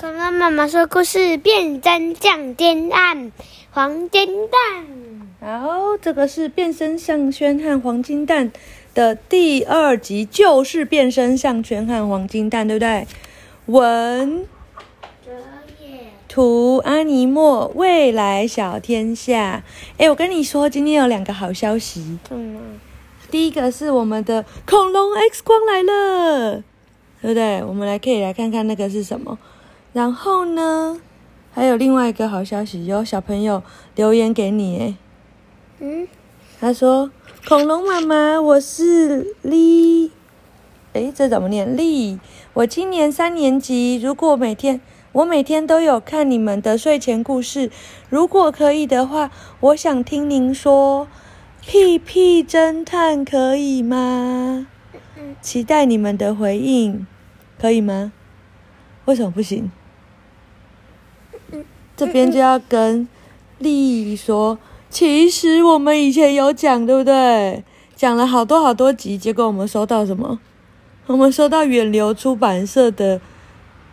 剛剛媽媽說故事，變身項圈和黃金蛋。哦，這個是變身項圈和黃金蛋的第二集，就是變身項圈和黃金蛋，對不對？文，哲也，圖阿尼默，未來小天下。哎，我跟你說，今天有兩個好消息。嗯、啊、第一個是我們的恐龍 X 光來了，對不對？我們來可以來看看那個是什麼。然後呢？還有另外一個好消息喲！有小朋友留言給你哎，嗯，他說：“恐龍媽媽，我是麗，哎，這怎麼念？麗，我今年三年級。如果每天，我每天都有看你們的睡前故事。如果可以的話，我想聽您說《屁屁偵探》，可以嗎？期待你們的回應，可以嗎？為什麼不行？”這邊就要跟利益說，其實我們以前有講，對不對？講了好多好多集，結果我們收到什麼？我們收到遠流出版社的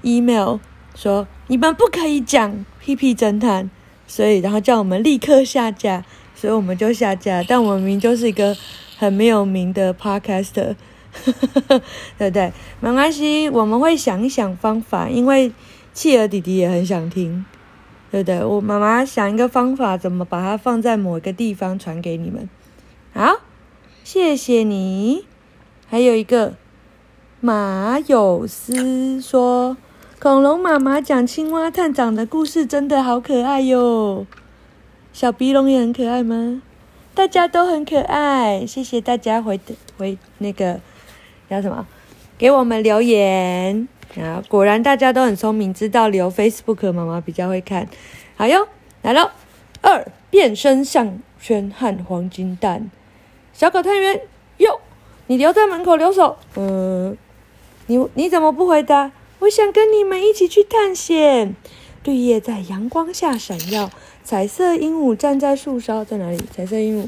email 說，你們不可以講屁屁偵探，所以然後叫我們立刻下架，所以我們就下架。但我明明就是一個很沒有名的 podcaster，對不對？沒關係，我們會想一想方法，因為契兒弟弟也很想聽。對的，我媽媽想一個方法，怎麼把它放在某一個地方傳給你們？好，謝謝你。還有一個馬有思說，恐龍媽媽講青蛙探長的故事真的好可愛喲。小鼻龍也很可愛嗎？大家都很可愛，謝謝大家回的回那個叫什麼，給我們留言。啊，果然大家都很聰明，知道留 Facebook 媽媽比較會看。好喲，來嘍。二，變身項圈和黃金蛋。小狗探員喲，你留在門口留守。嗯，你你怎麼不回答？我想跟你們一起去探險。綠葉在陽光下閃耀，彩色鸚鵡站在樹梢。在哪裡？彩色鸚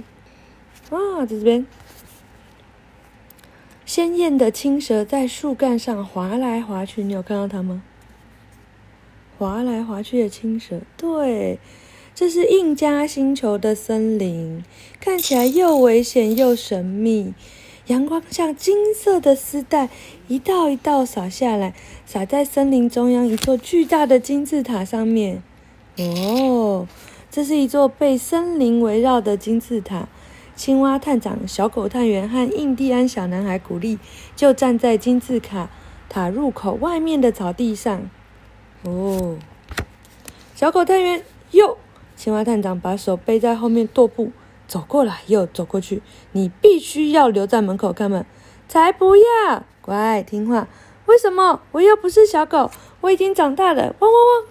鵡。啊，在這邊。鮮豔的青蛇在樹幹上滑來滑去，你有看到它嗎？滑來滑去的青蛇，對，這是印加星球的森林，看起來又危險又神秘。陽光像金色的絲帶，一道一道灑下來，灑在森林中央一座巨大的金字塔上面。哦，這是一座被森林圍繞的金字塔。青蛙探長、小狗探員和印第安小男孩古力，就站在金字塔塔入口外面的草地上。哦，小狗探員，喲！青蛙探長把手背在後面踱步，走過來又走過去。你必須要留在門口看門，才不要！乖，聽話。為什麼？我又不是小狗，我已經長大了。汪汪汪！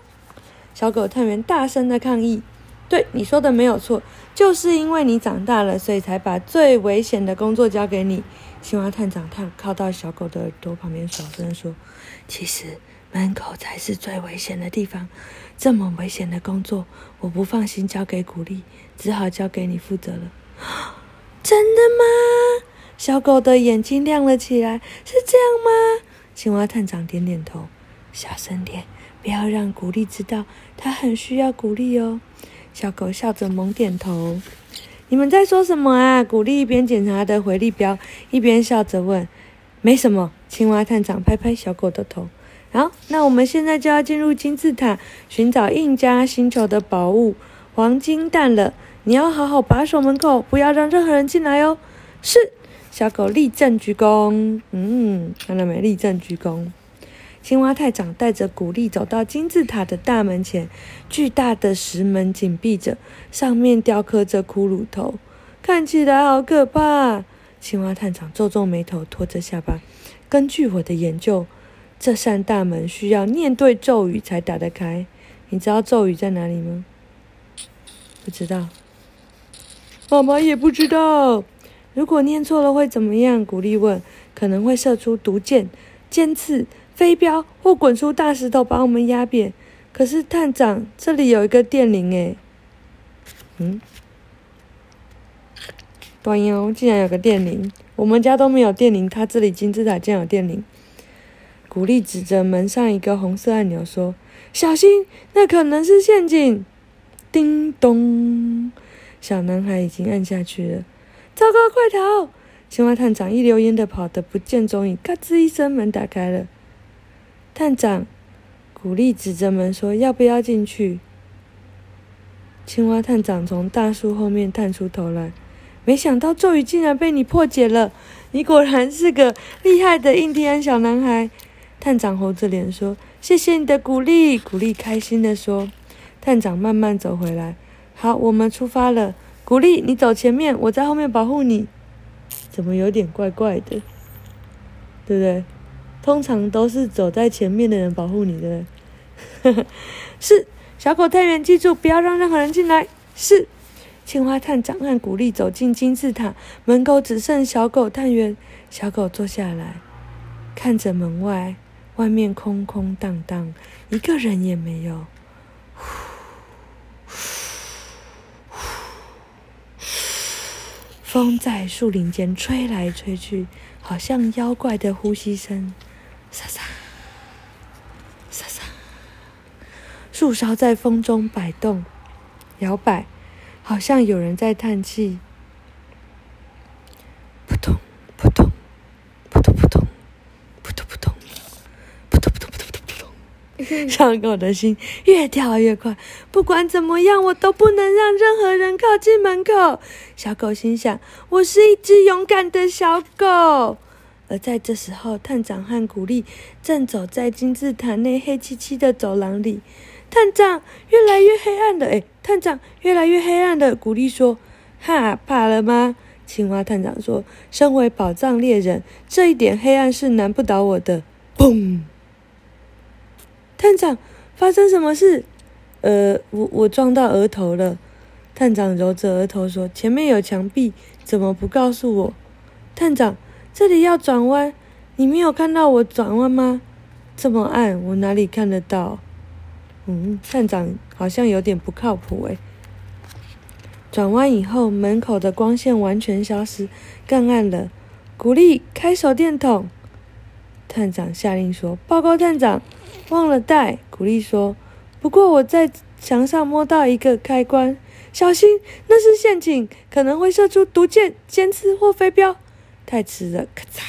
小狗探員大聲的抗議。對，你說的沒有錯，就是因為你長大了，所以才把最危險的工作交給你。青蛙探長看靠到小狗的耳朵旁邊，小聲說：“其實門口才是最危險的地方，這麼危險的工作，我不放心交給古力，只好交給你負責了。”真的嗎？小狗的眼睛亮了起來，是這樣嗎？青蛙探長點點頭，小聲點，不要讓古力知道，他很需要鼓勵哦。小狗笑着猛點頭。你們在說什麼啊？古力一邊檢查的回力標，一邊笑着問：“沒什麼。”青蛙探長拍拍小狗的頭：“好，那我們現在就要進入金字塔，尋找印加星球的寶物——黃金蛋了。你要好好把守門口，不要讓任何人進來哦。”是。小狗立正鞠躬。嗯，看到沒？立正鞠躬。青蛙探長帶着古力走到金字塔的大門前，巨大的石門緊閉着，上面雕刻着骷髏頭，看起來好可怕啊。青蛙探長皺皺眉頭，托着下巴。根據我的研究，這扇大門需要念對咒語才打得開。你知道咒語在哪裡嗎？不知道。媽媽也不知道。如果念錯了會怎麼樣？古力問。可能會射出毒箭、尖刺。飛鏢或滾出大石頭把我們壓扁。可是探長，這裡有一個電鈴誒。嗯，短音竟然有個電鈴，我們家都沒有電鈴，他這裡金字塔竟然有電鈴。古力指着門上一個紅色按鈕說：“小心，那可能是陷阱。”叮咚，小男孩已經按下去了。糟糕，快逃！青蛙探長一溜煙的跑得不見蹤影。嘎吱一聲，門打開了。探長，古力指着門說：“要不要進去？”青蛙探長從大樹後面探出頭來，沒想到咒語竟然被你破解了，你果然是個厲害的印第安小男孩。探長紅着臉說：“謝謝你的鼓勵。”古力開心的說：“探長慢慢走回來，好，我們出發了。古力你走前面，我在後面保護你。怎麼有點怪怪的，對不對？”通常都是走在前面的人保護你的。 是小狗探員，記住不要讓任何人進來。是青蛙探長按鼓勵走進金字塔門口，只剩小狗探員。小狗坐下來，看着門外，外面空空蕩蕩，一個人也沒有。風在樹林間吹來吹去，好像妖怪的呼吸聲。沙沙沙沙，樹梢在風中擺動、搖擺，好像有人在嘆氣。撲通撲通，撲通撲通，撲通撲通，撲通撲通撲通撲通撲通，小狗的心越跳越快。不管怎麼樣，我都不能讓任何人靠近門口。小狗心想：我是一隻勇敢的小狗。而在這時候，探長和古力正走在金字塔內黑漆漆的走廊裡。探長，越來越黑暗了，哎，探長，越來越黑暗了。古力說：“哈，怕了嗎？”青蛙探長說：“身為寶藏獵人，這一點黑暗是難不倒我的。”砰！探長，發生什麼事？呃，我我撞到額頭了。探長揉着額頭說：“前面有牆壁，怎麼不告訴我？”探長。這裡要轉彎，你沒有看到我轉彎嗎？這麼暗，我哪裡看得到？嗯，探長好像有點不靠譜誒。欸，轉彎以後，門口的光線完全消失，更暗了。古力，開手電筒！探長下令說：“報告，探長，忘了帶。”古力說：“不過我在牆上摸到一個開關，小心，那是陷阱，可能會射出毒箭、尖刺或飛鏢。”太遲了！咔嚓，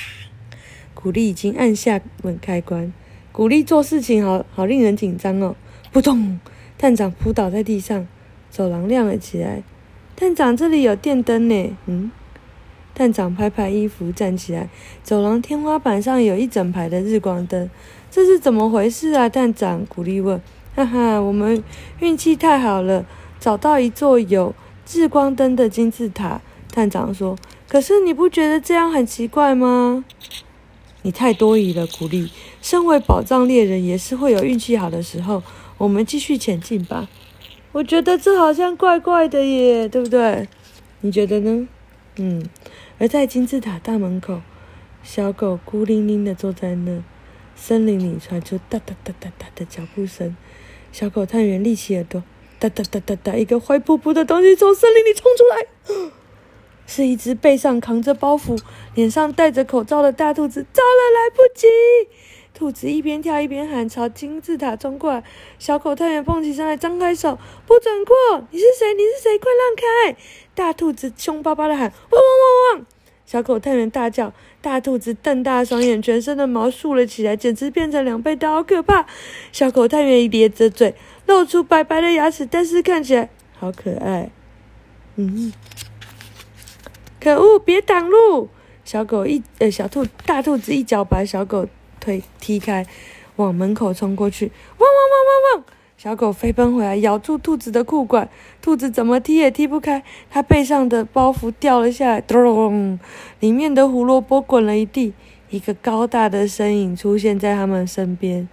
古力已經按下門開關。古力做事情好好令人緊張哦。撲通，探長撲倒在地上。走廊亮了起來。探長，這裡有電燈呢。嗯。探長拍拍衣服站起來。走廊天花板上有一整排的日光燈。這是怎麼回事啊？探長，古力問。哈哈，我們運氣太好了，找到一座有日光燈的金字塔。探長說。可是你不覺得這樣很奇怪嗎？你太多疑了，古麗，身為寶藏獵人，也是會有運氣好的時候。我們繼續前進吧。我覺得這好像怪怪的耶，對不對？你覺得呢？嗯。而在金字塔大門口，小狗孤零零的坐在那。森林裡傳出噠噠噠噠噠的腳步聲。小狗探員立起耳朵，噠噠噠噠噠，一個灰撲撲的東西從森林裡衝出來。是一隻背上扛着包袱、臉上戴着口罩的大兔子。糟了，來不及！兔子一邊跳一邊喊，朝金字塔衝過來。小狗探員蹦起身來，張開手，不准過！你是誰？你是誰？快讓開！大兔子凶巴巴地喊，汪汪汪汪！小狗探員大叫。大兔子瞪大雙眼，全身的毛豎了起來，簡直變成兩倍的好可怕！小狗探員一咧着嘴，露出白白的牙齒，但是看起來好可愛。嗯。可惡！別擋路！小狗一呃，小兔，大兔子一腳把小狗腿踢開，往門口衝過去。汪汪汪汪汪！小狗飛奔回來，咬住兔子的褲管，兔子怎麼踢也踢不開。它背上的包袱掉了下來，咚！裡面的胡蘿蔔滾了一地。一個高大的身影出現在他們身邊，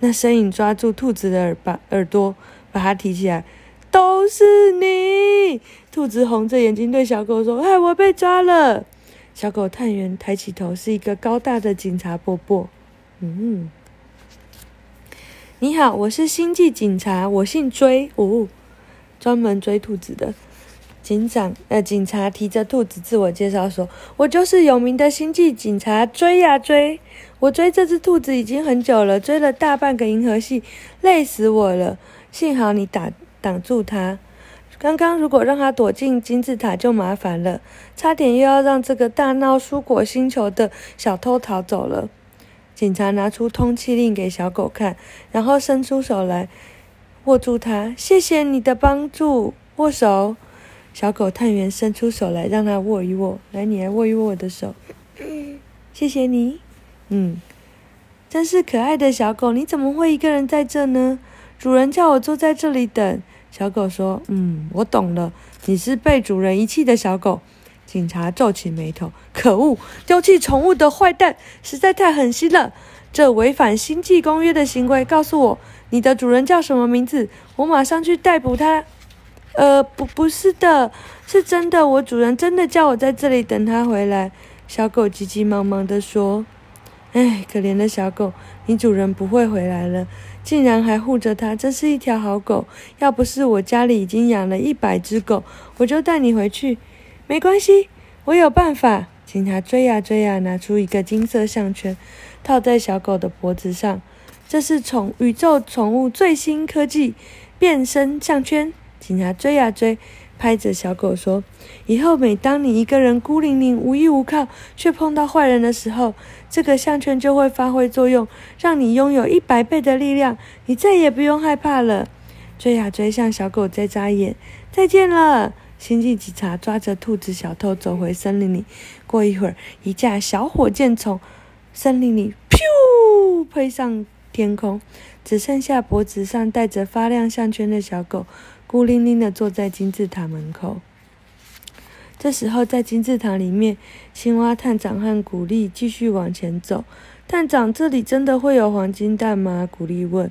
那身影抓住兔子的耳，把耳朵，把它提起來。都是你！兔子紅着眼睛對小狗說：“嗨，我被抓了。”小狗探員抬起頭，是一個高大的警察伯伯。嗯，你好，我是星際警察，我姓追，嗚、哦，專門追兔子的警長。呃，警察提着兔子自我介紹說：“我就是有名的星際警察，追呀追，我追這隻兔子已經很久了，追了大半個銀河系，累死我了。幸好你打擋住他。”剛剛如果讓他躲進金字塔就麻煩了，差點又要讓這個大鬧蔬果星球的小偷逃走了。警察拿出通緝令給小狗看，然後伸出手來握住它。謝謝你的幫助，握手。小狗探員伸出手來讓它握一握。來，你來握一握我的手。謝謝你。嗯，真是可愛的小狗，你怎麼會一個人在這呢？主人叫我坐在這裡等。小狗說：“嗯，我懂了，你是被主人遺棄的小狗。”警察皺起眉頭：“可惡，丟棄寵物的壞蛋，實在太狠心了！這違反星際公約的行為，告訴我你的主人叫什麼名字？我馬上去逮捕他。”“呃，不，不是的，是真的，我主人真的叫我在這裡等他回來。”小狗急急忙忙的說。哎，可憐的小狗，你主人不會回來了，竟然還護着它，這是一條好狗。要不是我家裡已經養了一百隻狗，我就帶你回去。沒關係，我有辦法。警察追呀、啊、追呀、啊，拿出一個金色項圈，套在小狗的脖子上。這是寵宇宙寵物最新科技變身項圈。警察追呀、啊、追。拍着小狗說：“以後每當你一個人孤零零、無依無靠，卻碰到壞人的時候，這個項圈就會發揮作用，讓你擁有一百倍的力量，你再也不用害怕了。”追啊追，向小狗在眨眼。再見了，星際警察！抓着兔子小偷走回森林裡。過一會兒，一架小火箭從森林裡“咻”飛上天空，只剩下脖子上戴着發亮項圈的小狗。孤零零的坐在金字塔門口。這時候，在金字塔裡面，青蛙探長和古力繼續往前走。探長，這裡真的會有黃金蛋嗎？古力問。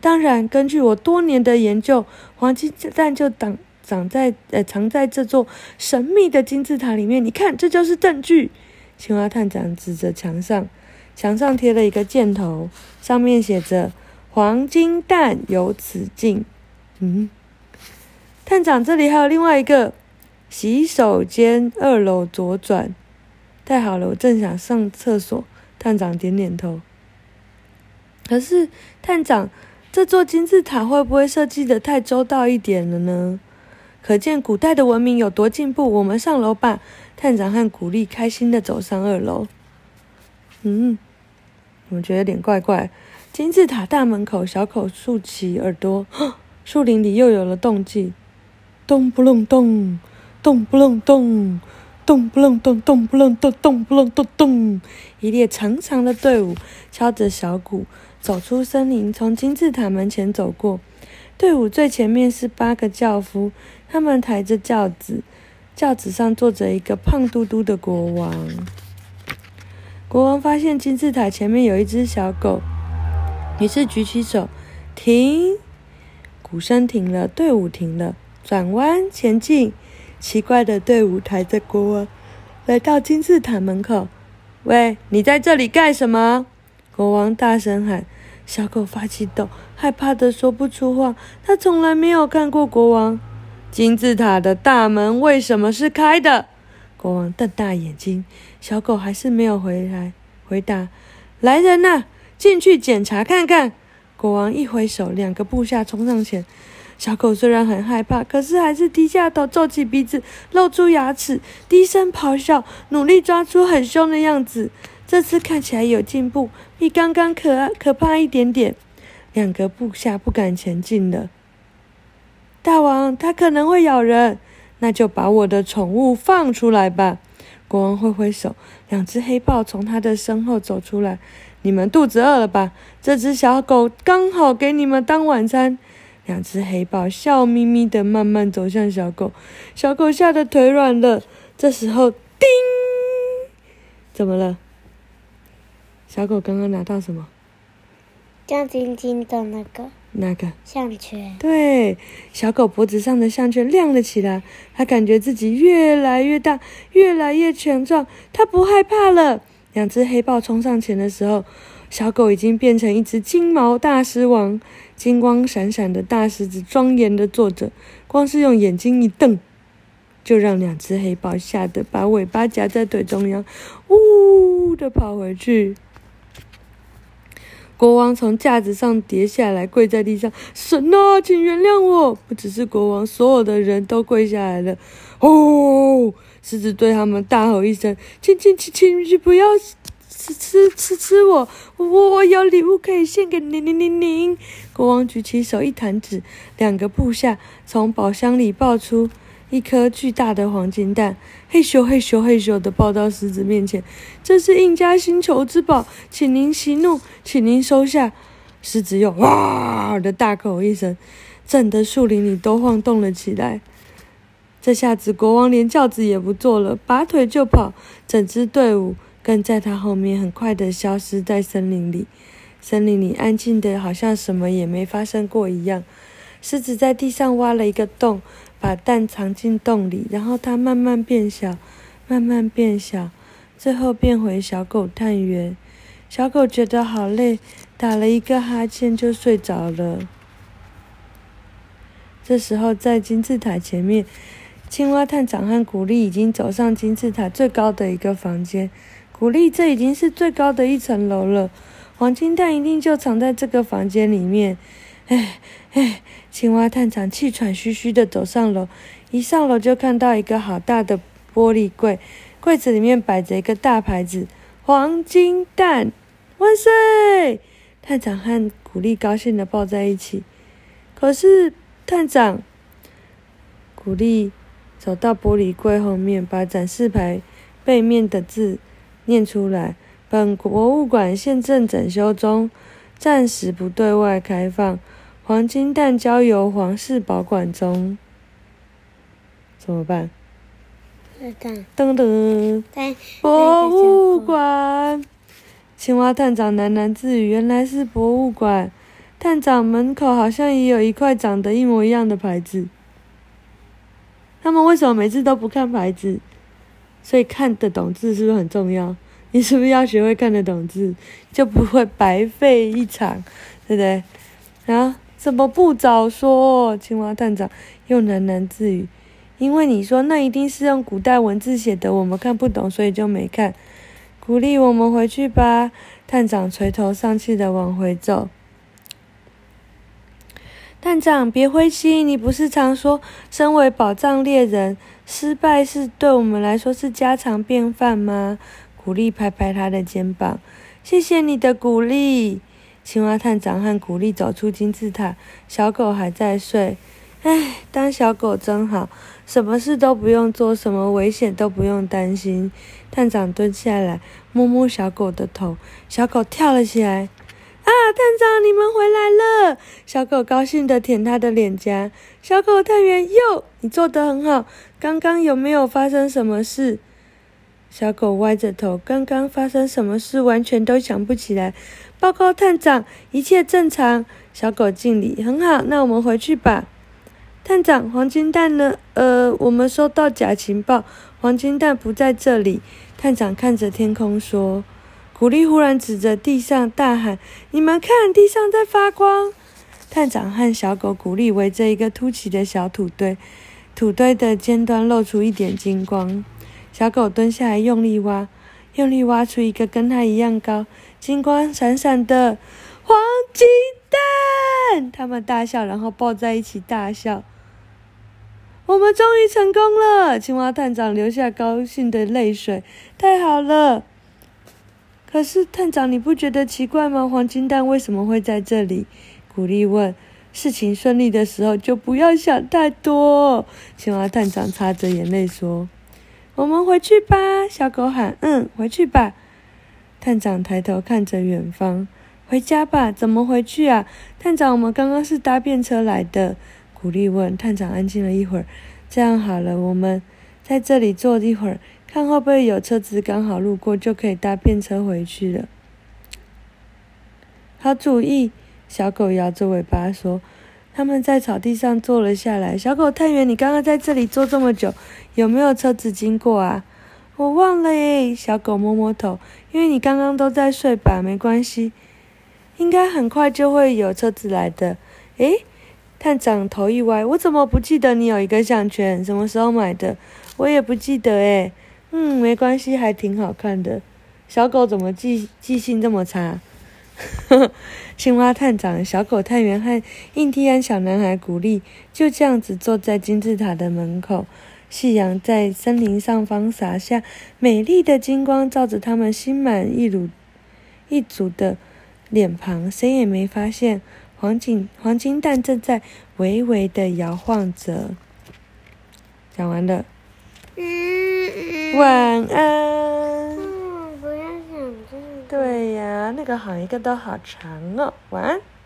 當然，根據我多年的研究，黃金蛋就長長，長在呃藏在這座神秘的金字塔裡面。你看，這就是證據。青蛙探長指着牆上，牆上貼了一個箭頭，上面寫着“黃金蛋由此進”。嗯。探長，這裡還有另外一個洗手間，二樓左轉。太好了，我正想上廁所。探長點點頭。可是，探長，這座金字塔會不會設計的太周到一點了呢？可見古代的文明有多進步。我們上樓吧。探長和古麗開心的走上二樓。嗯，我覺得有點怪怪。金字塔大門口，小狗豎起耳朵。樹林裡又有了動靜。咚不隆咚，咚不隆咚，咚不隆咚，咚不隆咚，咚不隆咚咚。一列長長的隊伍敲着小鼓走出森林，從金字塔門前走過。隊伍最前面是八個轎夫，他們抬着轎子，轎子上坐着一個胖嘟嘟的國王。國王發現金字塔前面有一隻小狗，於是舉起手，停！鼓聲停了，隊伍停了。轉彎前進，奇怪的隊伍抬着國王來到金字塔門口。喂，你在這裡幹什麼？國王大聲喊。小狗發起抖，害怕得說不出話。他從來沒有看過國王。金字塔的大門為什麼是開的？國王瞪大眼睛。小狗還是沒有回來。回答，來人吶、啊，進去檢查看看。國王一揮手，兩個部下衝上前。小狗雖然很害怕，可是還是低下頭，皺起鼻子，露出牙齒，低聲咆哮，努力裝出很凶的樣子。這次看起來有進步，比剛剛可可怕一點點。兩個部下不敢前進了。大王，它可能會咬人。那就把我的寵物放出來吧。國王揮揮手，兩隻黑豹從他的身後走出來。你們肚子餓了吧？這隻小狗剛好給你們當晚餐。兩隻黑豹笑眯眯的慢慢走向小狗，小狗嚇得腿軟了。這時候，叮，怎麼了？小狗剛剛拿到什麼？亮晶晶的那個？那個？項圈。對，小狗脖子上的項圈亮了起來，它感覺自己越來越大，越來越強壯，它不害怕了。兩隻黑豹衝上前的時候。小狗已經變成一隻金毛大獅王，金光閃閃的大獅子莊嚴的坐着，光是用眼睛一瞪，就讓兩隻黑豹嚇得把尾巴夾在腿中央，嗚的跑回去。國王從架子上跌下來，跪在地上：“神啊，請原諒我！”不只是國王，所有的人都跪下來了。哦，獅子對他們大吼一聲：“請請請不要！”吃吃吃吃！我我我有禮物可以獻給您您您您！國王舉起手一彈指，兩個部下從寶箱裡抱出一顆巨大的黃金蛋，嘿咻嘿咻嘿咻的抱到獅子面前。這是印加星球之寶，請您息怒，請您收下。獅子又哇的大吼一聲，震得樹林裡都晃動了起來。這下子國王連轎子也不坐了，拔腿就跑，整支隊伍。跟在他後面，很快地消失在森林裡。森林裡安靜得，好像什麼也沒發生過一樣。獅子在地上挖了一個洞，把蛋藏進洞裡，然後它慢慢變小，慢慢變小，最後變回小狗探員。小狗覺得好累，打了一個哈欠就睡着了。這時候，在金字塔前面，青蛙探長和古力已經走上金字塔最高的一個房間。古麗，這已經是最高的一層樓了。黃金蛋一定就藏在這個房間裡面。哎哎，青蛙探長氣喘吁吁的走上樓，一上樓就看到一個好大的玻璃櫃，櫃子裡面擺着一個大牌子：黃金蛋！萬歲！探長和古麗高興的抱在一起。可是，探長，古麗走到玻璃櫃後面，把展示牌背面的字念出來本博物館現正整修中，暫時不對外開放。黃金蛋交由皇室保管中，怎麼辦？等等，博物館，青蛙探長喃喃自語：“原來是博物館。”探長，門口好像也有一塊長得一模一樣的牌子。他們為什麼每次都不看牌子？所以看得懂字是不是很重要？你是不是要學會看得懂字，就不會白費一場，對不對？啊，怎麼不早說？青蛙探長又喃喃自語，因為你說那一定是用古代文字寫的，我們看不懂，所以就沒看。鼓勵我們回去吧，探長垂頭喪氣地往回走。探長，別灰心，你不是常說，身為寶藏獵人，失敗是對我們來說是家常便飯嗎？古力拍拍他的肩膀。謝謝你的鼓勵。青蛙探長和古力走出金字塔，小狗還在睡。唉，當小狗真好，什麼事都不用做，什麼危險都不用擔心。探長蹲下來，摸摸小狗的頭，小狗跳了起來。探長，你們回來了！小狗高興地舔他的臉頰。小狗探員，喲，你做得很好。剛剛有沒有發生什麼事？小狗歪着頭，剛剛發生什麼事，完全都想不起來。報告探長，一切正常。小狗敬禮，很好。那我們回去吧。探長，黃金蛋呢？呃，我們收到假情報，黃金蛋不在這裡。探長看着天空說。古麗忽然指着地上大喊：“你們看，地上在發光！”探長和小狗古麗圍着一個凸起的小土堆，土堆的尖端露出一點金光。小狗蹲下來用力挖，用力挖出一個跟它一樣高、金光閃閃的黃金蛋。他們大笑，然後抱在一起大笑。我們終於成功了！青蛙探長流下高興的淚水。太好了！可是，探長，你不覺得奇怪嗎？黃金蛋為什麼會在這裡？古麗問。事情順利的時候，就不要想太多。青蛙探長擦着眼淚說：“我們回去吧。”小狗喊：“嗯，回去吧。”探長抬頭看着遠方：“回家吧。”怎麼回去啊？探長，我們剛剛是搭便車來的。古麗問。探長安靜了一會兒：“這樣好了，我們在這裡坐一會兒。”看會不會有車子剛好路過，就可以搭便車回去了。好主意，小狗搖着尾巴說：“他們在草地上坐了下來。”小狗探員，你剛剛在這裡坐這麼久，有沒有車子經過啊？我忘了耶。小狗摸摸頭，因為你剛剛都在睡吧？沒關係，應該很快就會有車子來的。誒，探長頭一歪，我怎麼不記得你有一個項圈？什麼時候買的？我也不記得誒。嗯，沒關係，還挺好看的。小狗怎麼記記性這麼差？青 蛙探長、小狗探員和印第安小男孩古力，就這樣子坐在金字塔的門口。夕陽在森林上方灑下美麗的金光，照着他們心滿意足、意足的臉龐。誰也沒發現，黃金黃金蛋正在微微地搖晃着。講完了。嗯晚安。嗯，這對呀，那個好一個都好長哦。晚安。